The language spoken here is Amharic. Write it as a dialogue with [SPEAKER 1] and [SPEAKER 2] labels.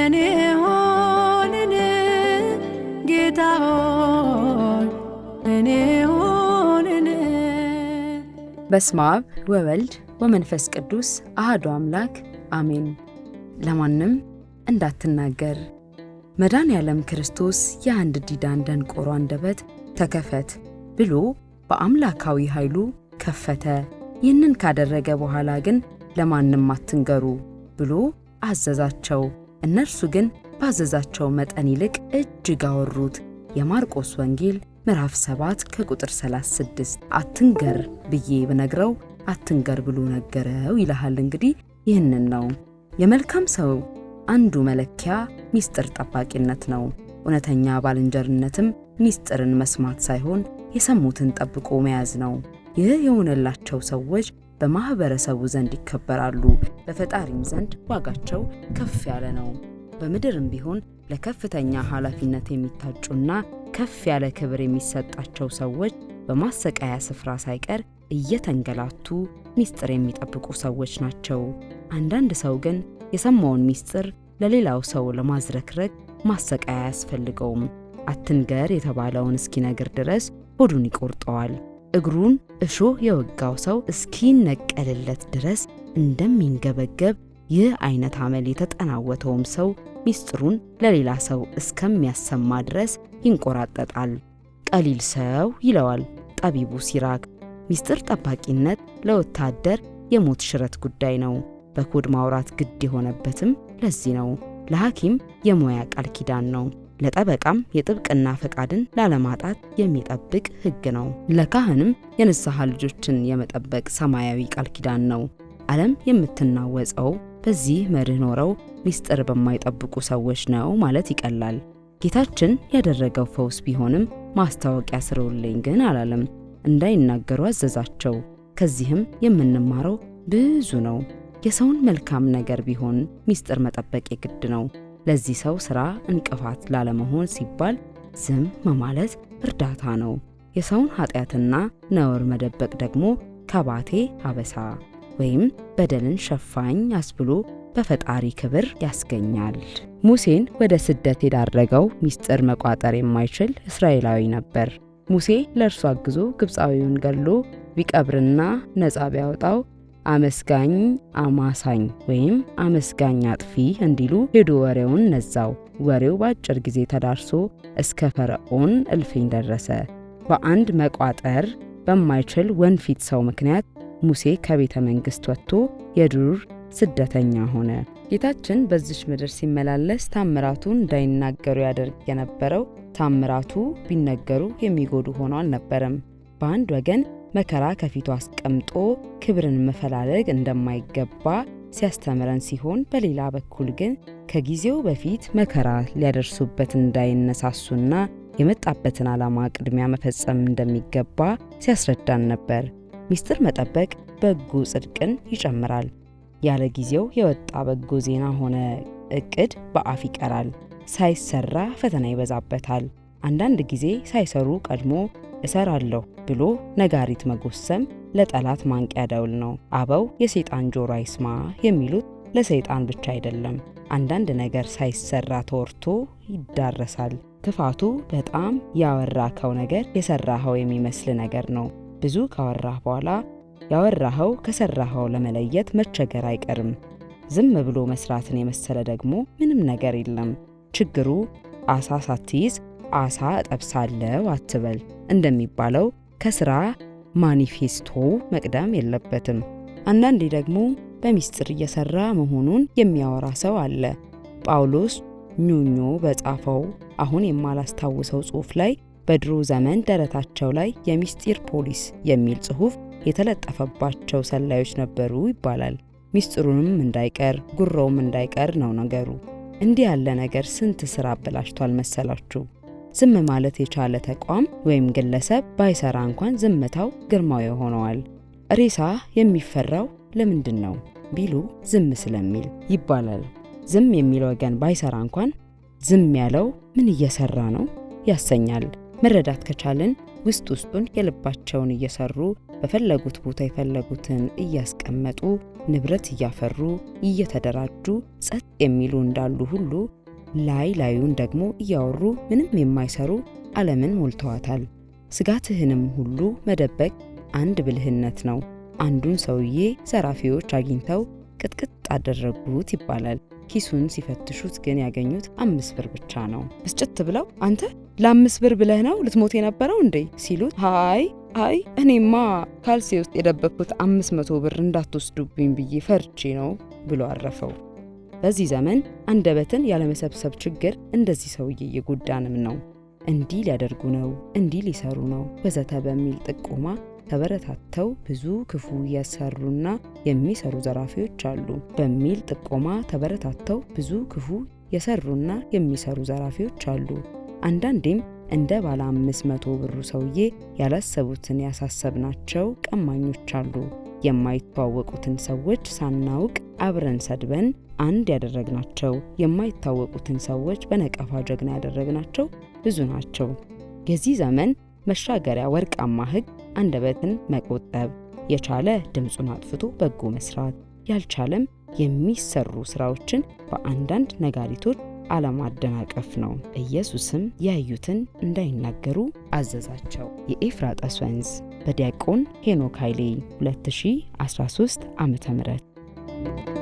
[SPEAKER 1] እኔ ሆንን ጌታ ሆይ እኔ ሆንን። በስመ አብ ወወልድ ወመንፈስ ቅዱስ አሐዱ አምላክ አሜን። ለማንም እንዳትናገር መዳን ያለም ክርስቶስ የአንድ ዲዳን ደንቆሮ አንደበት ተከፈት ብሎ በአምላካዊ ኃይሉ ከፈተ። ይህንን ካደረገ በኋላ ግን ለማንም አትንገሩ ብሎ አዘዛቸው። እነርሱ ግን ባዘዛቸው መጠን ይልቅ እጅግ አወሩት። የማርቆስ ወንጌል ምዕራፍ 7 ከቁጥር 36 አትንገር ብዬ ብነግረው አትንገር ብሎ ነገረው ይልሃል። እንግዲህ ይህንን ነው የመልካም ሰው አንዱ መለኪያ ሚስጥር ጠባቂነት ነው። እውነተኛ ባልንጀርነትም ሚስጥርን መስማት ሳይሆን የሰሙትን ጠብቆ መያዝ ነው። ይህ የሆነላቸው ሰዎች በማህበረሰቡ ዘንድ ይከበራሉ፣ በፈጣሪም ዘንድ ዋጋቸው ከፍ ያለ ነው። በምድርም ቢሆን ለከፍተኛ ኃላፊነት የሚታጩና ከፍ ያለ ክብር የሚሰጣቸው ሰዎች በማሰቃያ ስፍራ ሳይቀር እየተንገላቱ ሚስጥር የሚጠብቁ ሰዎች ናቸው። አንዳንድ ሰው ግን የሰማውን ሚስጥር ለሌላው ሰው ለማዝረክረግ ማሰቃያ አያስፈልገውም። አትንገር የተባለውን እስኪነግር ድረስ ሆዱን ይቆርጠዋል። እግሩን እሾህ የወጋው ሰው እስኪነቀልለት ድረስ እንደሚንገበገብ ይህ አይነት አመል የተጠናወተውም ሰው ሚስጥሩን ለሌላ ሰው እስከሚያሰማ ድረስ ይንቆራጠጣል። ቀሊል ሰው ይለዋል ጠቢቡ ሲራክ። ሚስጥር ጠባቂነት ለወታደር የሞት ሽረት ጉዳይ ነው። በኮድ ማውራት ግድ የሆነበትም ለዚህ ነው። ለሐኪም የሙያ ቃል ኪዳን ነው። ለጠበቃም የጥብቅና ፈቃድን ላለማጣት የሚጠብቅ ሕግ ነው። ለካህንም የንስሐ ልጆችን የመጠበቅ ሰማያዊ ቃል ኪዳን ነው። ዓለም የምትናወጸው በዚህ መርህ ኖረው ሚስጥር በማይጠብቁ ሰዎች ነው ማለት ይቀላል። ጌታችን ያደረገው ፈውስ ቢሆንም ማስታወቂያ ስርውልኝ ግን አላለም፣ እንዳይናገሩ አዘዛቸው። ከዚህም የምንማረው ብዙ ነው። የሰውን መልካም ነገር ቢሆን ሚስጥር መጠበቅ የግድ ነው። ለዚህ ሰው ሥራ እንቅፋት ላለመሆን ሲባል ዝም መማለት እርዳታ ነው። የሰውን ኃጢአትና ነውር መደበቅ ደግሞ ከባቴ አበሳ ወይም በደልን ሸፋኝ አስብሎ በፈጣሪ ክብር ያስገኛል። ሙሴን ወደ ስደት የዳረገው ሚስጥር መቋጠር የማይችል እስራኤላዊ ነበር። ሙሴ ለእርሱ አግዞ ግብፃዊውን ገድሎ ቢቀብርና ነፃ ቢያወጣው አመስጋኝ አማሳኝ ወይም አመስጋኝ አጥፊ እንዲሉ ሄዶ ወሬውን ነዛው። ወሬው በአጭር ጊዜ ተዳርሶ እስከ ፈርዖን እልፍኝ ደረሰ። በአንድ መቋጠር በማይችል ወንፊት ሰው ምክንያት ሙሴ ከቤተ መንግሥት ወጥቶ የዱር ስደተኛ ሆነ። ጌታችን በዚች ምድር ሲመላለስ ታምራቱን እንዳይናገሩ ያደርግ የነበረው ታምራቱ ቢነገሩ የሚጎዱ ሆኖ አልነበረም። በአንድ ወገን መከራ ከፊቱ አስቀምጦ ክብርን መፈላለግ እንደማይገባ ሲያስተምረን ሲሆን በሌላ በኩል ግን ከጊዜው በፊት መከራ ሊያደርሱበት እንዳይነሳሱና የመጣበትን ዓላማ ቅድሚያ መፈጸም እንደሚገባ ሲያስረዳን ነበር። ሚስጥር መጠበቅ በጎ ጽድቅን ይጨምራል። ያለ ጊዜው የወጣ በጎ ዜና ሆነ እቅድ በአፍ ይቀራል። ሳይሰራ ፈተና ይበዛበታል። አንዳንድ ጊዜ ሳይሰሩ ቀድሞ እሰራለሁ ብሎ ነጋሪት መጎሰም ለጠላት ማንቂያ ደውል ነው። አበው የሰይጣን ጆሮ አይስማ የሚሉት ለሰይጣን ብቻ አይደለም። አንዳንድ ነገር ሳይሰራ ተወርቶ ይዳረሳል። ክፋቱ በጣም ከው ነገር የሰራኸው የሚመስል ነገር ነው። ብዙ ካወራህ በኋላ ያወራኸው ከሰራኸው ለመለየት መቸገር አይቀርም። ዝም ብሎ መስራትን የመሰለ ደግሞ ምንም ነገር የለም። ችግሩ አሳ ሳትይዝ አሳ እጠብሳለሁ አትበል እንደሚባለው ከስራ ማኒፌስቶ መቅደም የለበትም። አንዳንዴ ደግሞ በሚስጥር እየሰራ መሆኑን የሚያወራ ሰው አለ። ጳውሎስ ኞኞ በጻፈው አሁን የማላስታውሰው ጽሑፍ ላይ በድሮ ዘመን ደረታቸው ላይ የሚስጢር ፖሊስ የሚል ጽሑፍ የተለጠፈባቸው ሰላዮች ነበሩ ይባላል። ሚስጥሩንም እንዳይቀር ጉሮውም እንዳይቀር ነው ነገሩ። እንዲህ ያለ ነገር ስንት ስራ አበላሽቷል መሰላችሁ? ዝም ማለት የቻለ ተቋም ወይም ግለሰብ ባይሰራ እንኳን ዝምታው ግርማዊ ሆነዋል። ሬሳ የሚፈራው ለምንድን ነው ቢሉ ዝም ስለሚል ይባላል። ዝም የሚል ወገን ባይሰራ እንኳን ዝም ያለው ምን እየሰራ ነው ያሰኛል። መረዳት ከቻልን ውስጥ ውስጡን የልባቸውን እየሰሩ በፈለጉት ቦታ የፈለጉትን እያስቀመጡ ንብረት እያፈሩ እየተደራጁ ጸጥ የሚሉ እንዳሉ ሁሉ ላይ ላዩን ደግሞ እያወሩ ምንም የማይሰሩ ዓለምን ሞልተዋታል። ስጋትህንም ሁሉ መደበቅ አንድ ብልህነት ነው። አንዱን ሰውዬ ዘራፊዎች አግኝተው ቅጥቅጥ አደረጉት ይባላል። ኪሱን ሲፈትሹት ግን ያገኙት አምስት ብር ብቻ ነው። ብስጭት ብለው አንተ ለአምስት ብር ብለህ ነው ልትሞት የነበረው እንዴ ሲሉት፣ አይ አይ እኔማ ካልሴ ውስጥ የደበኩት አምስት መቶ ብር እንዳትወስዱብኝ ብዬ ፈርቼ ነው ብሎ አረፈው። በዚህ ዘመን አንደበትን ያለመሰብሰብ ችግር እንደዚህ ሰውዬ እየጎዳንም ነው። እንዲህ ሊያደርጉ ነው፣ እንዲህ ሊሰሩ ነው ወዘተ በሚል ጥቆማ ተበረታተው ብዙ ክፉ ያሰሩና የሚሰሩ ዘራፊዎች አሉ በሚል ጥቆማ ተበረታተው ብዙ ክፉ የሰሩና የሚሰሩ ዘራፊዎች አሉ። አንዳንዴም እንደ ባለ አምስት መቶ ብሩ ሰውዬ ያላሰቡትን ያሳሰብናቸው ቀማኞች አሉ። የማይተዋወቁትን ሰዎች ሳናውቅ አብረን ሰድበን አንድ ያደረግናቸው፣ የማይታወቁትን ሰዎች በነቀፋ ጀግና ያደረግናቸው ብዙ ናቸው። የዚህ ዘመን መሻገሪያ ወርቃማ ሕግ አንደበትን መቆጠብ፣ የቻለ ድምፁን አጥፍቶ በጎ መስራት፣ ያልቻለም የሚሰሩ ስራዎችን በአንዳንድ ነጋሪቶች አለማደናቀፍ ነው። ኢየሱስም ያዩትን እንዳይናገሩ አዘዛቸው። የኤፍራጠስ ወንዝ በዲያቆን ሄኖክ ኃይሌ 2013 ዓ.ም